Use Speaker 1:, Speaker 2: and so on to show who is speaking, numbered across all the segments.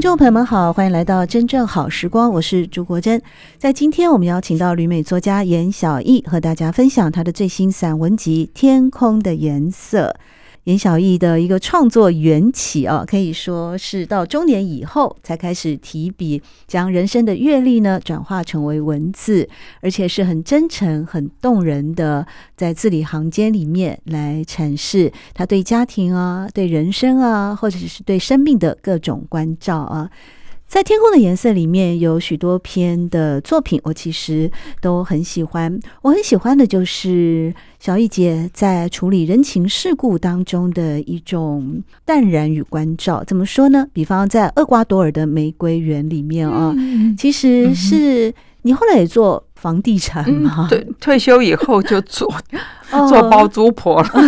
Speaker 1: 觀眾朋友們好，歡迎來到《真正好時光》，我是朱國珍。在今天，我們邀請到旅美作家嚴筱意和大家分享他的最新散文集《天空的顏色》。嚴筱意的一個創作緣起啊，可以說是到中年以後才開始提筆，將人生的閱歷呢轉化成為文字，而且是很真誠、很動人的，在字裡行間裡面來闡釋他對家庭啊、對人生啊，或者是對生命的各種關照啊。在天空的顏色裡面有許多篇的作品，我其實都很喜歡。我很喜歡的就是筱意姐在處理人情世故當中的一種淡然與關照。怎麼說呢？比方在厄瓜多爾的玫瑰園裡面啊、哦嗯，其實是你後來也做房地產嗎、嗯、對，
Speaker 2: 退休以後就做做包租婆了
Speaker 1: 哦、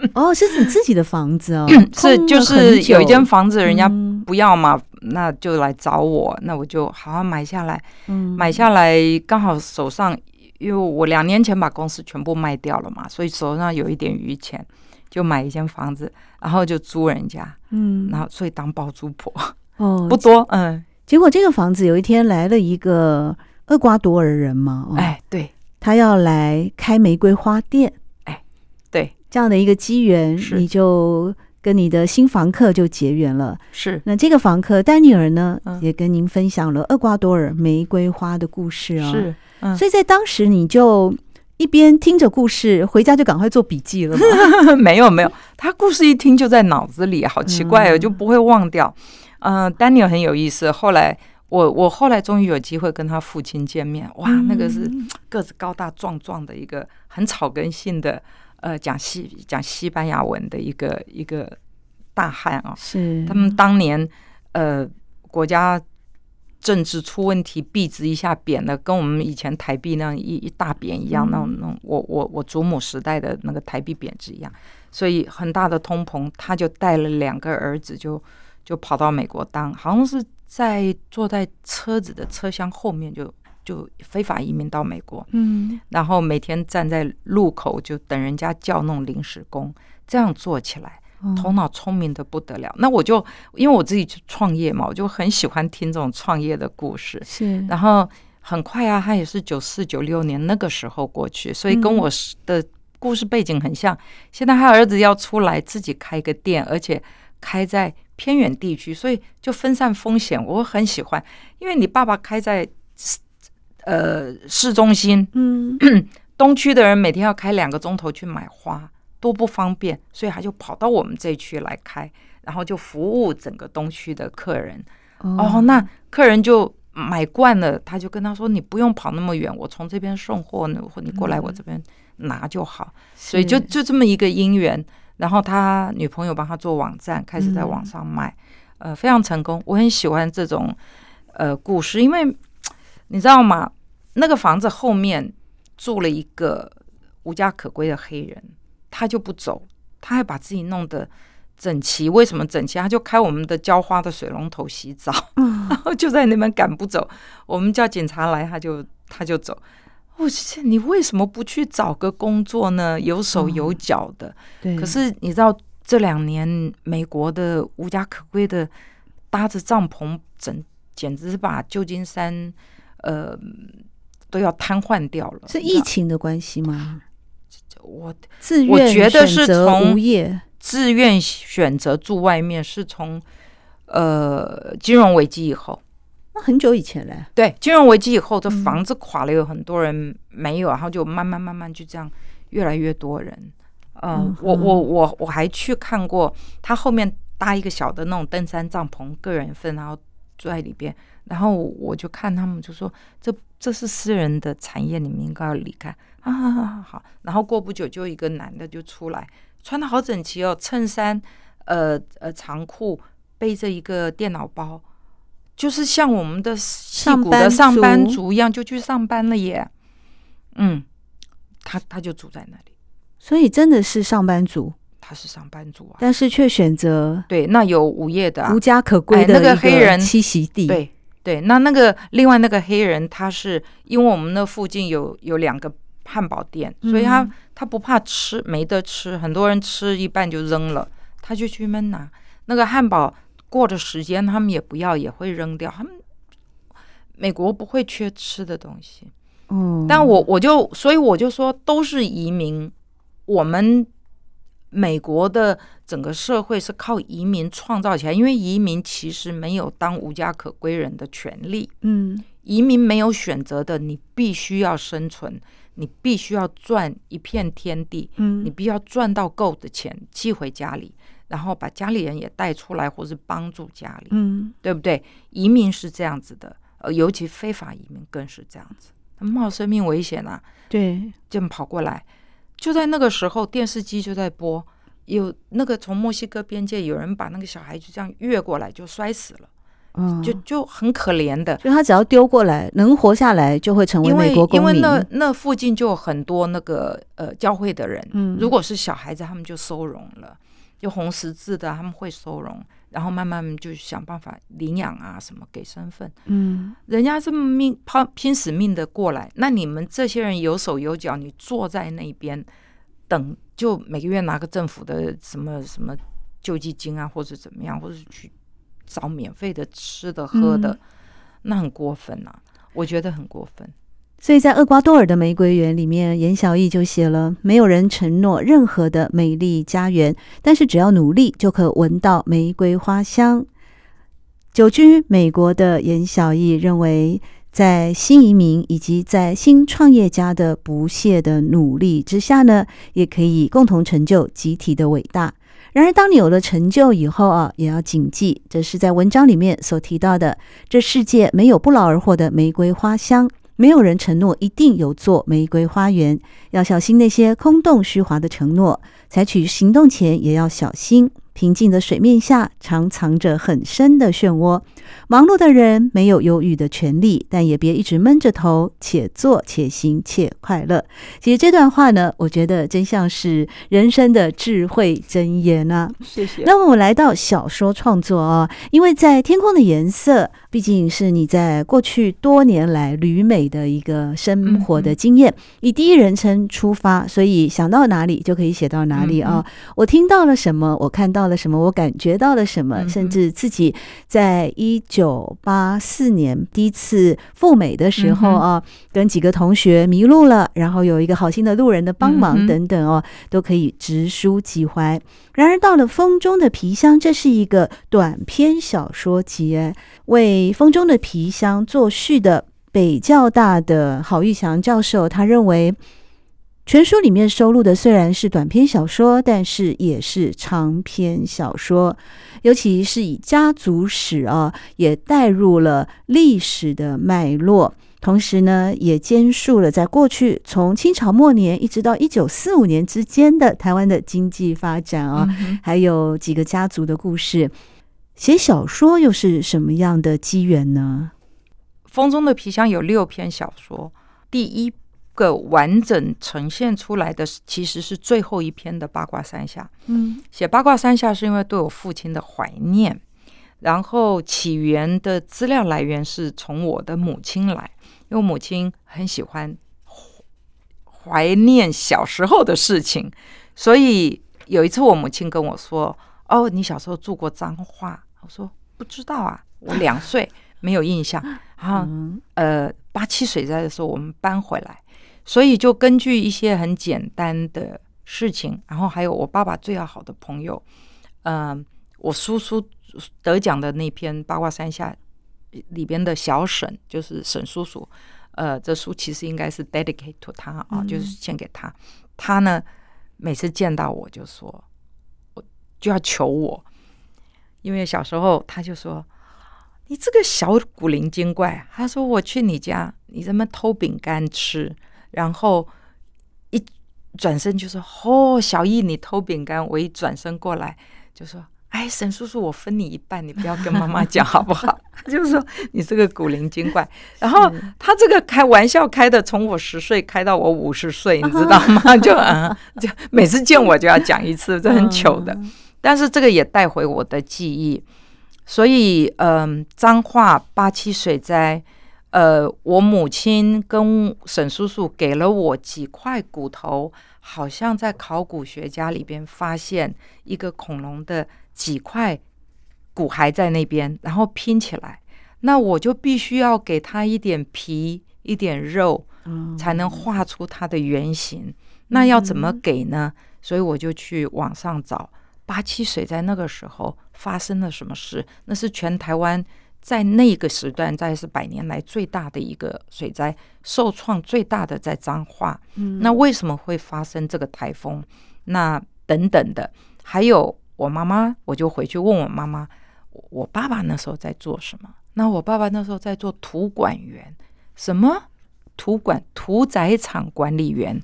Speaker 1: 嗯。哦，是你自己的房子哦？是，就是有一間
Speaker 2: 房子人家不要嘛。嗯那就來找我，那我就好好買下來。嗯，買下來剛好手上，因為我兩年前把公司全部賣掉了嘛，所以手上有一點餘錢，就買一間房子，然後就租人家。嗯，然後所以當包租婆。哦，不
Speaker 1: 多。嗯，結果這個房子有一天來了一個厄瓜多爾人嘛。哎，對，哦，他要來開玫瑰花店。哎，對，這樣的一個機緣，你就是。跟你的新房客就結緣了，是。那這個房客丹尼爾呢、嗯，也跟您分享了厄瓜多爾玫瑰花的故事哦、啊。是、嗯。所以在當時，你就一邊聽着故事，回家就趕快做筆記了
Speaker 2: 嘛 沒有沒有，他故事一聽就在腦子裡，好奇怪哦，嗯、就不會忘掉。嗯、呃，丹尼爾很有意思。後來我我後來終於有機會跟他父親見面。哇、嗯、那個是個子高大壯壯的一個很草根性的。呃，講西講西班牙文的一個一個大漢啊，是他們當年呃國家政治出問題，幣值一下貶了，跟我們以前台幣那樣一一大貶一樣，嗯、那種那種我我我祖母時代的那個台幣貶值一樣，所以很大的通膨，他就帶了兩個兒子就就跑到美國當，好像是在坐在車子的車廂後面就。就非法移民到美國，嗯，然後每天站在路口就等人家叫弄臨時工，這樣做起來頭腦聰明的不得了。嗯，那我就因為我自己去創業嘛，我就很喜歡聽這種創業的故事。是，然後很快啊，他也是九四九六年那個時候過去，所以跟我的故事背景很像。嗯，現在他兒子要出來自己開個店，而且開在偏遠地區，所以就分散風險。我很喜歡，因為你爸爸開在。呃，市中心，嗯， 東區的人每天要開兩個鐘頭去買花，多不方便，所以他就跑到我們這區來開，然後就服務整個東區的客人哦。哦，那客人就買慣了，他就跟他說：“你不用跑那麼遠，我從這邊送貨呢，或、嗯、你過來我這邊拿就好。嗯”所以就就這麼一個姻緣，然後他女朋友幫他做網站，開始在網上賣、嗯，呃，非常成功。我很喜歡這種，呃，故事，因為你知道嗎？那個房子後面住了一個無家可歸的黑人，他就不走，他還把自己弄得整齊。為什麼整齊？他就開我們的澆花的水龍頭洗澡，嗯、然後就在那邊趕不走。我們叫警察來，他就他就走。我去，你為什麼不去找個工作呢？有手有腳的。哦、對。可是你知道這兩年美國的無家可歸的搭着帳篷，整簡直是把舊金山呃。都要癱瘓掉了，是疫
Speaker 1: 情的關係嗎？我自願選擇失業，自
Speaker 2: 願選擇住外面，是從呃金融危機以後，
Speaker 1: 那很久以前嘞？
Speaker 2: 對，金融危機以後，這房子垮了，有很多人沒有、嗯，然後就慢慢慢慢就這樣，越來越多人、呃。嗯，我我我我還去看過他後面搭一個小的那種登山帳篷，個人分，然後。住在裡邊，然後我就看他們就說：“這這是私人的產業，你們應該要離開、嗯、啊！”好，好，好，然後過不久就一個男的就出來，穿的好整齊哦，襯衫，呃呃長褲，背着一個電腦包，就是
Speaker 1: 像我們的矽谷的上班族
Speaker 2: 一樣就去上班了耶。嗯，他他就住在那裡，
Speaker 1: 所以真的是上班族。
Speaker 2: 他是上班族
Speaker 1: 啊，但是卻選擇
Speaker 2: 對那有午夜的，啊，無家可歸的個，哎，那個黑人棲息地對。對對，那那個另外那個黑人，他是因為我們那附近有有兩個漢堡店，所以他，嗯，他不怕吃，沒得吃，很多人吃一半就扔了，他就去悶拿那個漢堡過的時間，他們也不要，也會扔掉。他們美國不會缺吃的東西，哦，嗯，但我我就所以我就說都是移民，我們。美國的整個社會是靠移民創造起來，因為移民其實沒有當無家可歸人的權利。
Speaker 1: 嗯，
Speaker 2: 移民沒有選擇的，你必須要生存，你必須要賺一片天地。嗯，你必須要賺到夠的錢寄回家裡，嗯、然後把家裡人也帶出來，或是幫助家裡。嗯，對不對？移民是這樣子的，呃，尤其非法移民更是這樣子，冒生命危險啊！對，就跑過來。就在那個時候，電視機就在播，有那個從墨西哥邊界有人把那個小孩就這樣越過來就摔死了，嗯，就就很
Speaker 1: 可憐的，就他只要丟過來能活下來就會成為美國公民，因為，因為
Speaker 2: 那那附近就有很多那個呃教會的人，嗯，如果是小孩子他們就收容了，就紅十字的他們會收容。然後慢慢就想辦法領養啊，什麼給身份，嗯，人家這麼命拋拼死命的過來，那你們這些人有手有腳，你坐在那邊等，就每個月拿個政府的什麼什麼救濟金啊，或者怎麼樣，或者去找免費的吃的喝的，那很過分吶、啊，我覺得很過分。
Speaker 1: 所以在厄瓜多爾的玫瑰園裡面，嚴筱意就寫了：“沒有人承諾任何的美麗家園，但是只要努力，就可聞到玫瑰花香。”久居美國的嚴筱意認為，在新移民以及在新創業家的不懈的努力之下呢，也可以共同成就集體的偉大。然而，當你有了成就以後啊，也要謹記，這是在文章裡面所提到的：這世界沒有不勞而獲的玫瑰花香。沒有人承諾一定有座玫瑰花園。要小心那些空洞虛華的承諾。採取行動前也要小心。平靜的水面下常藏着很深的漩渦。忙碌的人沒有憂鬱的權利，但也別一直悶着頭，且做且行且快樂。其實這段話呢，我覺得真像是人生的智慧箴言啊。謝謝。那我們來到小說創作啊、哦，因為在《天空的顏色》畢竟是你在過去多年來旅美的一個生活的經驗，嗯嗯以第一人稱出發，所以想到哪裡就可以寫到哪裡啊、哦嗯嗯。我聽到了什麼，我看到。了什麼？我感覺到了什麼？甚至自己在一九八四年第一次赴美的時候啊、哦，跟幾個同學迷路了，然後有一個好心的路人的幫忙等等哦，都可以直抒己懷。然而到了《風中的皮箱》，這是一個短篇小說集。為《風中的皮箱》作序的北教大的郝譽翔教授，他認為。全書裡面收錄的雖然是短篇小說，但是也是長篇小說，尤其是以家族史啊、哦，也帶入了歷史的脈絡，同時呢，也兼述了在過去從清朝末年一直到一九四五年之間的台灣的經濟發展啊、哦嗯，還有幾個家族的故事。寫小說又是什麼樣的機緣呢？
Speaker 2: 《風中的皮箱》有六篇小說，第一。個完整呈現出來的其實是最後一篇的《八卦山下》。嗯，寫《八卦山下》是因為對我父親的懷念，然後起源的資料來源是從我的母親來，因為我母親很喜歡懷念小時候的事情。所以有一次我母親跟我說：“哦，你小時候住過彰化？”我說：“不知道啊，我兩歲 沒有印象。”然後、嗯、呃，八七水災的時候我們搬回來。所以就根據一些很簡單的事情，然後還有我爸爸最要好的朋友，嗯、呃，我叔叔得獎的那篇《八卦山下》裡邊的小沈就是沈叔叔，呃，這書其實應該是 dedicate to 他啊，就是獻給他、嗯。他呢，每次見到我就說，我就要求我，因為小時候他就說，你這個小古靈精怪，他說我去你家，你怎麼偷餅乾吃？然後一轉身就說：“哦，筱意，你偷餅乾。”我一轉身過來就說：“哎，沈叔叔，我分你一半，你不要跟媽媽講 好不好？”就是說你這個古靈精怪。 然後他這個開玩笑開的，從我十歲開到我五十歲， 你知道嗎？就嗯，就每次見我就要講一次， 這很糗的。但是這個也帶回我的記憶，所以嗯，彰化八七水災。呃，我母親跟沈叔叔給了我幾塊骨頭，好像在考古學家裡邊發現一個恐龍的幾塊骨骸在那邊，然後拼起來，那我就必須要給他一點皮、一點肉，嗯、才能畫出它的原型、嗯。那要怎麼給呢、嗯？所以我就去網上找八七水災那個時候發生了什麼事，那是全台灣。在那個時段，大概是百年來最大的一個水災，受創最大的在彰化。嗯，那為什麼會發生這個颱風？那等等的，還有我媽媽，我就回去問我媽媽，我爸爸那時候在做什麼？那我爸爸那時候在做土管員，什麼？土管，屠宰場管理員。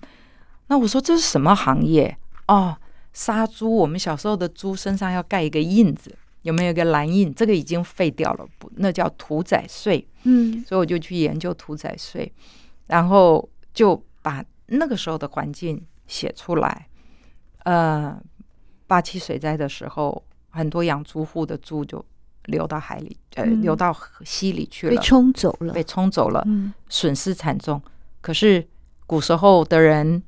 Speaker 2: 那我說這是什麼行業？哦，殺豬。我們小時候的豬身上要蓋一個印子。有沒有一個藍印？這個已經廢掉了不，那叫屠宰稅。嗯，所以我就去研究屠宰稅，然後就把那個時候的環境寫出來。呃，八七水災的時候，很多養豬戶的豬就流到海裡，嗯、呃，流到溪裡去了，被沖走了，被沖走了、嗯，損失慘重。可是古時候的人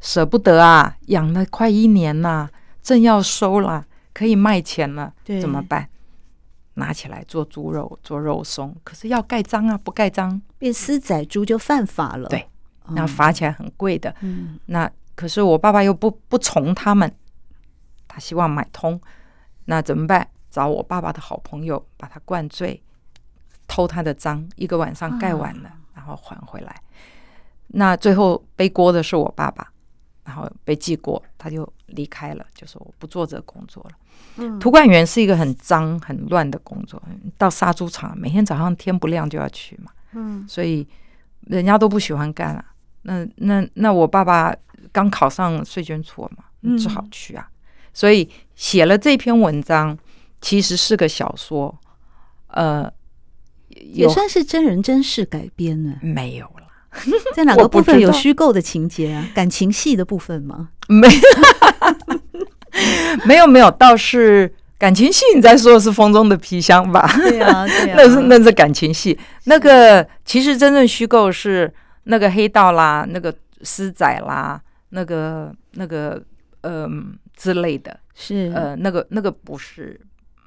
Speaker 2: 捨不得啊，養了快一年吶、啊，正要收啦。可以賣錢了，怎麼辦？拿起來做豬肉，做肉鬆，可是要蓋章啊！不蓋章，變私宰豬就犯法了。對，嗯、那罰起來很貴的。嗯，那可是我爸爸又不不從他們，他希望買通，那怎麼辦？找我爸爸的好朋友，把他灌醉，偷他的章，一個晚上蓋完了、啊，然後還回來。那最後背鍋的是我爸爸。然後被記過，他就離開了，就說我不做這工作了。嗯，屠灌員是一個很髒很亂的工作，到殺豬場，每天早上天不亮就要去嘛。嗯，所以人家都不喜歡幹啊。那那那我爸爸剛考上稅捐處嘛，只好去啊、嗯。所以寫了這篇文章，其實是個小說。呃，
Speaker 1: 也算是真人真事改編呢，沒有了。 在哪個部分有虛構的情節啊？ 感情戲的部分嗎？ 沒有，沒有，
Speaker 2: 倒是感情戲你在說是《風中的皮箱》吧、 對啊？對啊， 那是那是感情戲。那個其實真正虛構是那個黑道啦，那個私宰啦，那個那個嗯、呃、之類的是呃那個那個不是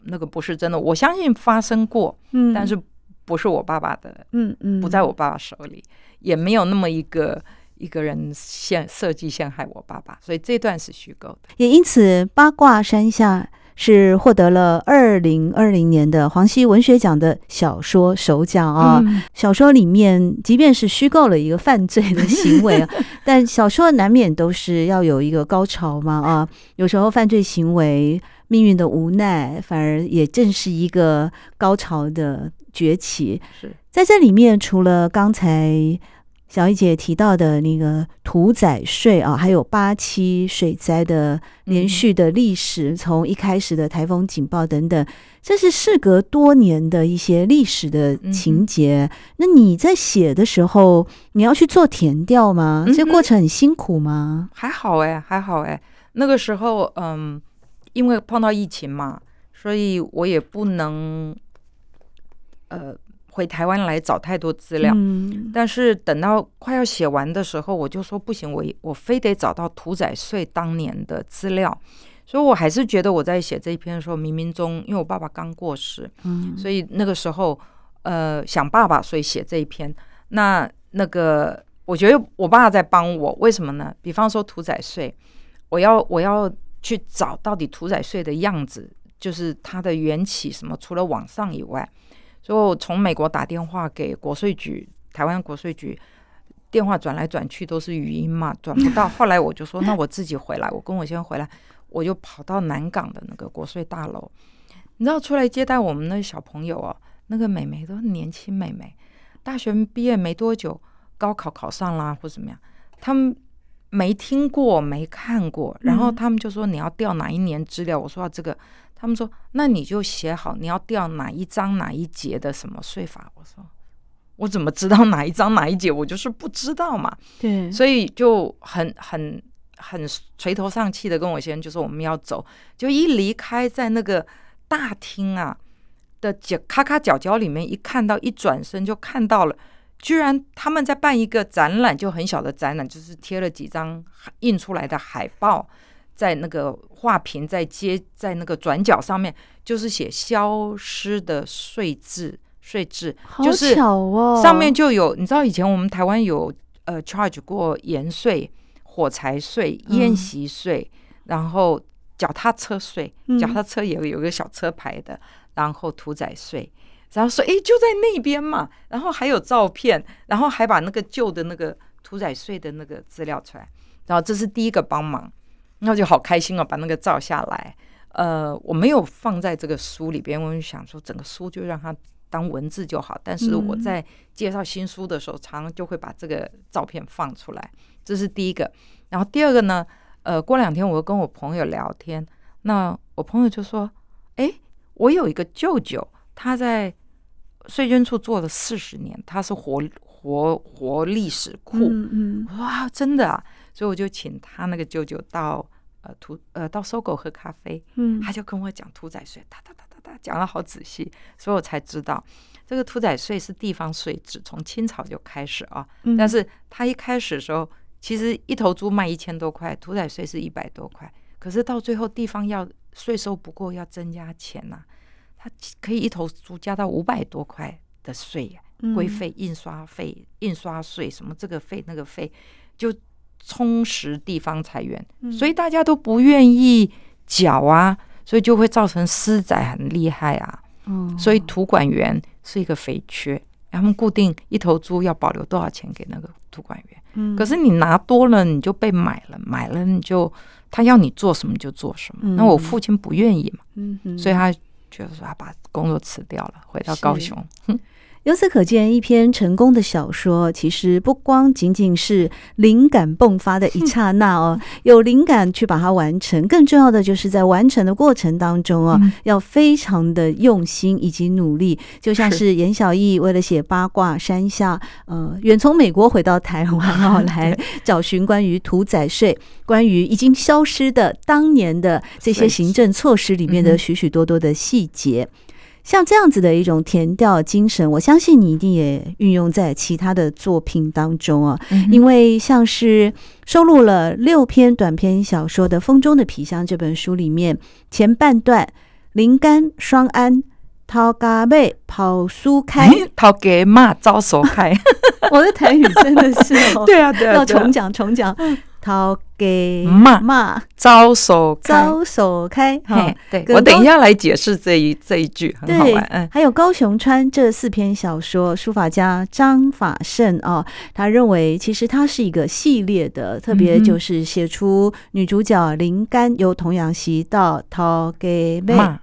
Speaker 2: 那個不是真的，我相信發生過，嗯，但是。不是我爸爸的，嗯嗯，不在我爸爸手裡，也沒有那麼一個一個人陷設計陷害我爸爸，所以這段是虛構的。
Speaker 1: 也因此，《八卦山下》是獲得了二零二零年的磺溪文學獎的小說首獎啊。嗯、小說裡面，即便是虛構了一個犯罪的行為、啊， 但小說難免都是要有一個高潮嘛啊。有時候犯罪行為。命運的無奈，反而也正是一個高潮的崛起。是，在這裡面，除了剛才小藝姐提到的那個屠宰稅啊，還有八七水災的連續的歷史，從、嗯、一開始的台風警報等等，這是事隔多年的一些歷史的情節、嗯。那你在寫的時候，你要去做填調嗎？嗯、這個、過程很辛苦嗎？
Speaker 2: 還好哎、欸，還好哎、欸，那個時候嗯。因為碰到疫情嘛，所以我也不能，呃，回台灣來找太多資料。嗯，但是等到快要寫完的時候，我就說不行，我我非得找到屠宰稅當年的資料。所以我還是覺得我在寫這一篇的時候，冥冥中因為我爸爸剛過世，嗯，所以那個時候，呃，想爸爸，所以寫這一篇。那那個，我覺得我爸在幫我，為什麼呢？比方說屠宰稅，我要我要。去找到底屠宰稅的樣子，就是它的緣起什麼？除了網上以外，所以我從美國打電話給國稅局，台灣國稅局電話轉來轉去都是語音嘛，轉不到。 後來我就說，那我自己回來。我跟我先回來，我就跑到南港的那個國稅大樓。你知道出來接待我們那小朋友哦，那個美眉都是年輕美眉，大學畢業沒多久，高考考上啦、啊、或怎麼樣，他們。沒聽過，沒看過，然後他們就說你要調哪一年資料？嗯、我說啊，這個，他們說那你就寫好你要調哪一章哪一節的什麼稅法。我說我怎麼知道哪一章哪一節？我就是不知道嘛。對，所以就很很很垂頭喪氣的跟我先生就說我們要走，就一離開在那個大廳啊的角咔咔角角裡面，一看到一轉身就看到了。居然他們在辦一個展覽，就很小的展覽，就是貼了幾張印出來的海報，在那個畫屏，在接在那個轉角上面，就是寫“消失的稅制”稅制，就是上面就有、好巧哦、你知道，以前我們台灣有呃 charge 過鹽稅、火柴稅、筵席稅，然後腳踏車稅，腳踏車也有有個小車牌的，嗯、然後屠宰稅。然後說：“哎，就在那邊嘛。”然後還有照片，然後還把那個舊的那個屠宰稅的那個資料出來。然後這是第一個幫忙，那就好開心哦，把那個照下來。呃，我沒有放在這個書裡邊，我就想說，整個書就讓它當文字就好。但是我在介紹新書的時候，嗯，常常就會把這個照片放出來。這是第一個。然後第二個呢？呃，過兩天我又跟我朋友聊天，那我朋友就說：“哎，我有一個舅舅。”他在稅捐處做了四十年，他是活活活歷史庫、
Speaker 1: 嗯嗯，
Speaker 2: 哇，真的啊！所以我就請他那個舅舅到呃屠呃到 SOGO 喝咖啡、嗯，他就跟我講屠宰稅，噠噠噠噠噠，講了好仔細，所以我才知道這個屠宰稅是地方稅，只從清朝就開始啊。但是他一開始的時候，其實一頭豬賣一千多塊，屠宰稅是一百多塊，可是到最後地方要稅收不夠，要增加錢吶、啊。他可以一頭豬加到五百多塊的稅，規費、印刷費、印刷稅，什麼這個費那個費，就充實地方財源，所以大家都不願意繳啊，所以就會造成私宰很厲害啊。所以土管員是一個肥缺，他們固定一頭豬要保留多少錢給那個土管員，可是你拿多了，你就被買了，買了你就他要你做什麼就做什麼。那我父親不願意嘛，所以他。就是說，他把工作辭掉了，回到高雄。
Speaker 1: 由此可見，一篇成功的小說，其實不光僅僅是靈感迸發的一剎那哦，有靈感去把它完成，更重要的就是在完成的過程當中哦、啊，要非常的用心以及努力。就像是嚴筱意為了寫《八卦山下》，呃，遠從美國回到台灣哦，來找尋關於屠宰稅、關於已經消失的當年的這些行政措施裡面的許許多多的細節。像這樣子的一種田調精神，我相信你一定也運用在其他的作品當中啊。嗯、因為像是收錄了六篇短篇小說的《風中的皮箱》這本書裡面，前半段林干雙安頭家嬤、跑疏開頭
Speaker 2: 家嬤招手開，嗯、開
Speaker 1: 我的台語真的是哦， 對啊對啊，啊啊、要重講重講。頭家嬤
Speaker 2: 跑疏跑
Speaker 1: 疏開。好，對，我等一下
Speaker 2: 來解釋這一這一句，很好玩，對。嗯，
Speaker 1: 還有高雄川這四篇小說，書法家張法勝啊、哦，他認為其實它是一個系列的，特別就是寫出女主角林甘、嗯、由童養媳到頭家嬤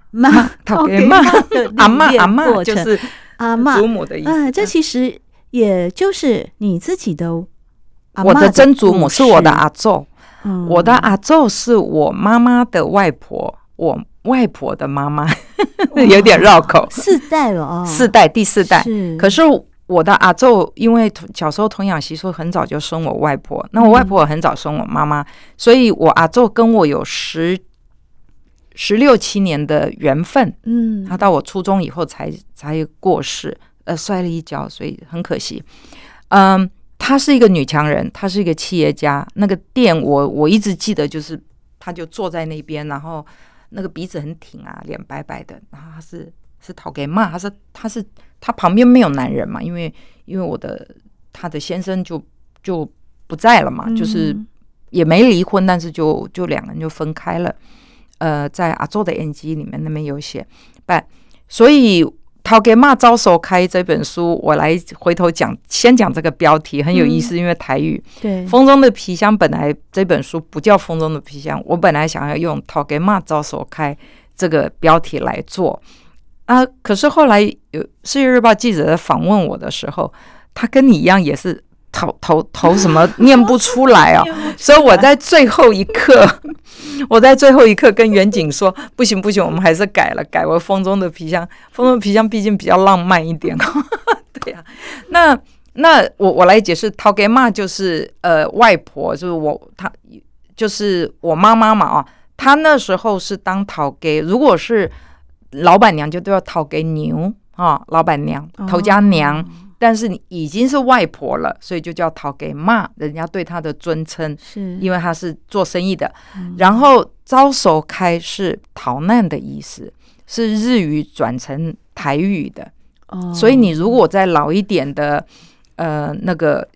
Speaker 1: 頭家嬤 給媽 的歷練過程，阿嬤阿嬤就是阿嬤祖母的意思啊。啊、嗯嗯，這其實也就是你自己的我的曾祖母是
Speaker 2: 我的阿祖、嗯、我的阿祖是我媽媽的外婆，我外婆的媽媽， 有點繞口，四
Speaker 1: 代了哦。四
Speaker 2: 代第四代是。可是我的阿祖因為小時候童養媳，所以很早就生我外婆。那我外婆我很早生我媽媽、嗯，所以我阿祖跟我有十十六七年的緣分。嗯，他到我初中以後才才過世，呃，摔了一跤，所以很可惜。嗯。她是一個女強人，她是一個企業家。那個店我，我我一直記得，就是她就坐在那邊，然後那個鼻子很挺啊，臉白白的。然後她是是討給罵，她說她是她旁邊沒有男人嘛，因為因為我的她的先生就就不在了嘛，就是也沒離婚，嗯、但是就就兩個人就分開了。呃，在阿周的 NG 裡面，那邊有寫，但所以。《頭家嬤跑疏開》這本書，我來回頭講，先講這個標題很有意思，嗯，因為台語。對，風中的皮箱本來，這本書不叫《風中的皮箱》，我本來想要用《頭家嬤跑疏開》這個標題來做啊，可是後來有《世界日報》記者在訪問我的時候，他跟你一樣也是，頭頭頭什麼念不出來啊？ 所以我在最後一刻， 我在最後一刻跟遠景說：“ 不行不行，我們還是改了，改為風中的皮箱。風中的皮箱畢竟比較浪漫一點。 ”對呀、啊，那那我我來解釋，頭家嬤就是呃，外婆就是我，她就是我媽,媽媽嘛啊。她那時候是當頭家嬤，如果是老板娘就都要頭家娘啊，老板娘頭家娘。嗯嗯但是你已經是外婆了，所以就叫頭家嬤，人家對她的尊稱是，因為她是做生意的、嗯。然後跑疏開是逃難的意思，是日語轉成台語的。哦、所以你如果再老一點的，呃，那個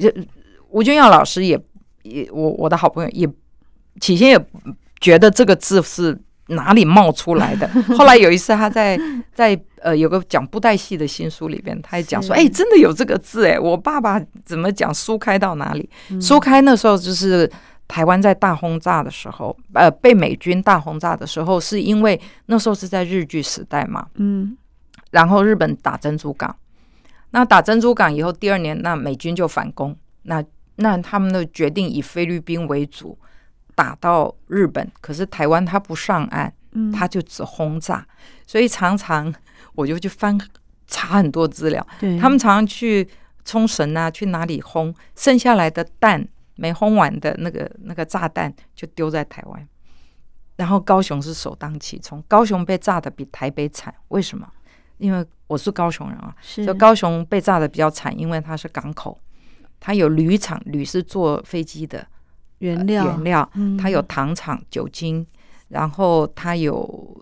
Speaker 2: 吳君耀老師也也我我的好朋友也起先也覺得這個字是。哪裡冒出來的？ 後來有一次，他在在呃有個講布袋戲的新書裡邊，他也講說：“哎、欸，真的有這個字哎、欸，我爸爸怎麼講？書開到哪裡？書、嗯、開那時候就是台灣在大轟炸的時候，呃，被美軍大轟炸的時候，是因為那時候是在日據時代嘛。
Speaker 1: 嗯，
Speaker 2: 然後日本打珍珠港，那打珍珠港以後，第二年那美軍就反攻，那那他們就決定以菲律賓為主。”打到日本，可是台灣他不上岸，他就只轟炸、嗯，所以常常我就去翻查很多資料。他們常常去沖繩啊，去哪裡轟？剩下來的彈沒轟完的那個那個炸彈就丟在台灣，然後高雄是首當其衝，高雄被炸的比台北慘。為什麼？因為我是高雄人啊，就高雄被炸的比較慘，因為它是港口，它有鋁廠，鋁是坐飛機的。原料，呃、原料、嗯，它有糖廠、酒精，然後它有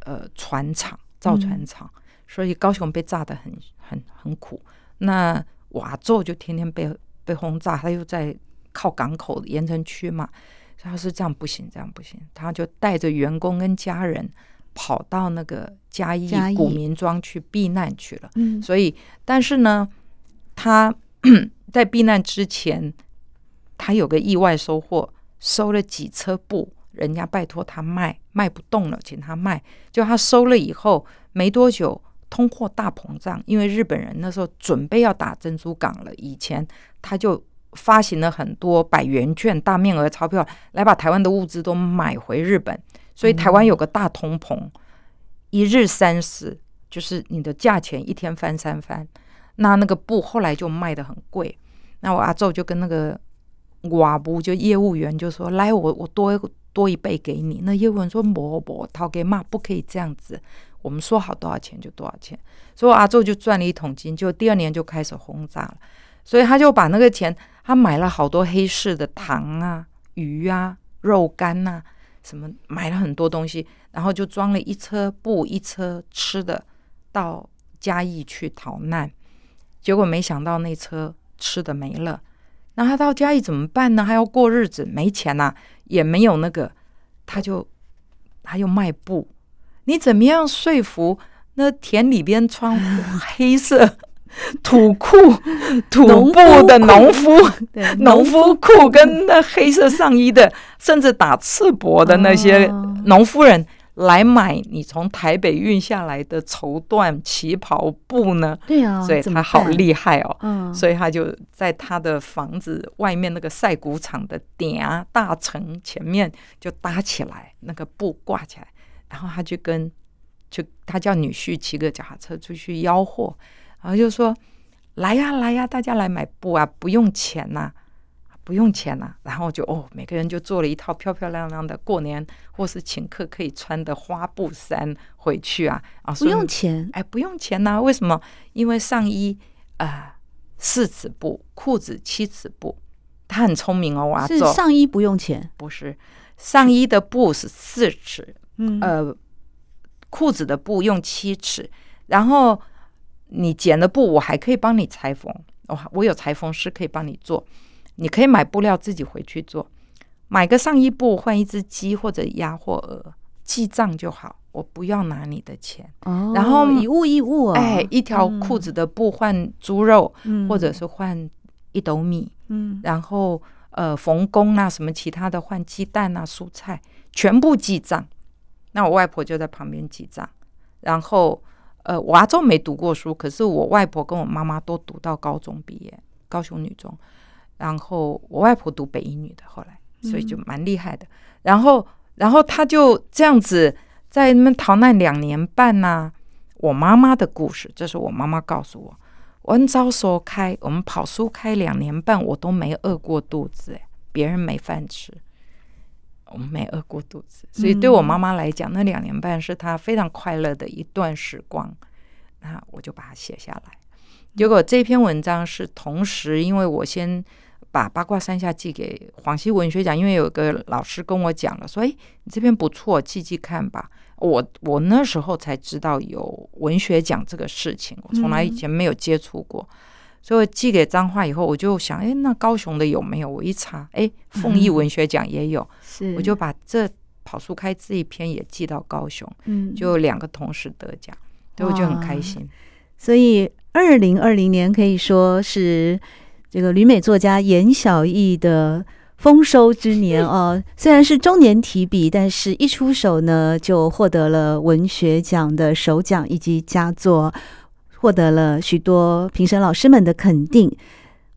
Speaker 2: 呃船廠、造船廠、嗯，所以高雄被炸得很很很苦。那瓦座就天天被被轟炸，他又在靠港口鹽埕區嘛，他是這樣不行，這樣不行，他就帶着員工跟家人跑到那個嘉義古民莊去避難去了。所以但是呢，他 在避難之前。他有個意外收穫，收了幾車布，人家拜托他賣，賣不動了，請他賣。就他收了以後，沒多久通貨大膨脹，因為日本人那時候準備要打珍珠港了，以前他就發行了很多百元券大面額鈔票，來把台灣的物資都買回日本，所以台灣有個大通膨，嗯、一日三十，就是你的價錢一天翻三番。那那個布後來就賣得很貴，那我阿宙就跟那個。我不，就業務員就說：“來我，我我多一個多一倍給你。”那業務員說：“不不，掏給嘛，不可以這樣子。我們說好多少錢就多少錢。”所以阿周就賺了一桶金，就第二年就開始轟炸了。所以他就把那個錢，他買了好多黑市的糖啊、魚啊、肉乾吶、啊，什麼買了很多東西，然後就裝了一車布、一車吃的到嘉義去逃難。結果沒想到那車吃的沒了。那他到家裡怎麼辦呢？還要過日子，沒錢吶、啊，也沒有那個，他就他又賣布。你怎麼樣說服那田裡邊穿黑色 土褲、土布的農夫？
Speaker 1: 農夫
Speaker 2: 褲跟那黑色上衣的，衣的 甚至打赤膊的那些農夫人，來買你從台北運下來的綢緞旗袍布呢？對呀、啊、所以他好厲害哦、嗯。所以他就在他的房子外面那個曬穀場的頂啊大埕前面就搭起來那個布掛起來，然後他就跟就他叫女婿騎個腳踏車出去吆喝，然後就說來呀、啊、來呀、啊，大家來買布啊，不用錢吶、啊。不用錢吶、啊，然後就哦，每個人就做了一套漂漂亮亮的過年或是請客可以穿的花布衫回去啊啊。不用錢，哎，不用錢吶、啊！為什麼？因為上衣呃四尺布，褲子七尺布，他很聰明哦。哇、啊，是上衣不用錢？不是，上衣的布是四尺，嗯呃，褲子的布用七尺。然後你剪的布，我還可以幫你裁縫，我我有裁縫師可以幫你做。你可以買布料自己回去做，買個上衣布換一隻雞或者鴨或鵝，記賬就好，我不要拿你的錢。Oh, 然後以物易物、哦，哎，一條褲子的布換豬肉、嗯，或者是換一斗米。嗯、然後呃縫工啊什麼其他的換雞蛋啊蔬菜，全部記賬。那我外婆就在旁邊記賬，然後呃我阿祖沒讀過書，可是我外婆跟我媽媽都讀到高中畢業，高雄女中。然後我外婆讀北英女的，後來所以就蠻厲害的、嗯。然後，然後她就這樣子在那邊逃難兩年半呢、啊。我媽媽的故事，這是我媽媽告訴我，我很早時候開，我們跑疏開兩年半，我都沒餓過肚子、哎，別人沒飯吃，我們沒餓過肚子。所以對我媽媽來講、嗯，那兩年半是她非常快樂的一段時光。那我就把它寫下來。結果這篇文章是同時，因為我先。把《八卦山下》寄給磺溪文學獎，因為有個老師跟我講了，說：“哎，你這篇不錯，寄寄看吧。我”我我那時候才知道有文學獎這個事情，我從來以前沒有接觸過。嗯、所以寄給彰化以後，我就想：“哎，那高雄的有沒有？”我一查，哎，鳳邑文學獎也有、嗯是，我就把這跑疏開這一篇也寄到高雄，嗯，就兩個同時得獎，嗯、
Speaker 1: 對我就很開心。所以，二零二零年可以說是。這個旅美作家嚴筱意的《豐收之年》哦，雖然是中年提筆，但是一出手呢，就獲得了文學獎的首獎以及佳作，獲得了許多評審老師們的肯定。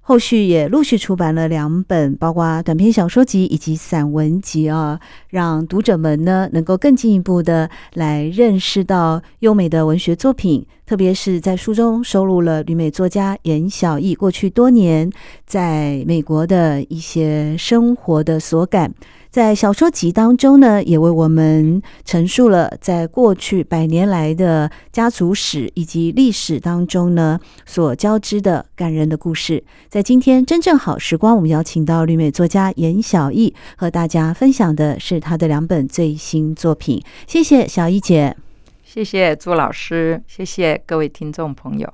Speaker 1: 後續也陸續出版了兩本，包括短篇小說集以及散文集啊，讓讀者們呢能夠更進一步的來認識到優美的文學作品，特別是在書中收錄了旅美作家嚴筱意過去多年在美國的一些生活的所感。在小說集當中呢，也為我們陳述了在過去百年來的家族史以及歷史當中呢所交織的感人的故事。在今天真正好時光，我們邀請到旅美作家嚴筱意，和大家分享的是他的兩本最新作品。謝謝筱意姐，
Speaker 2: 謝謝朱老師，謝謝各位聽眾朋友。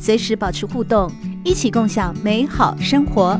Speaker 1: 隨時保持互動，一起共享美好生活。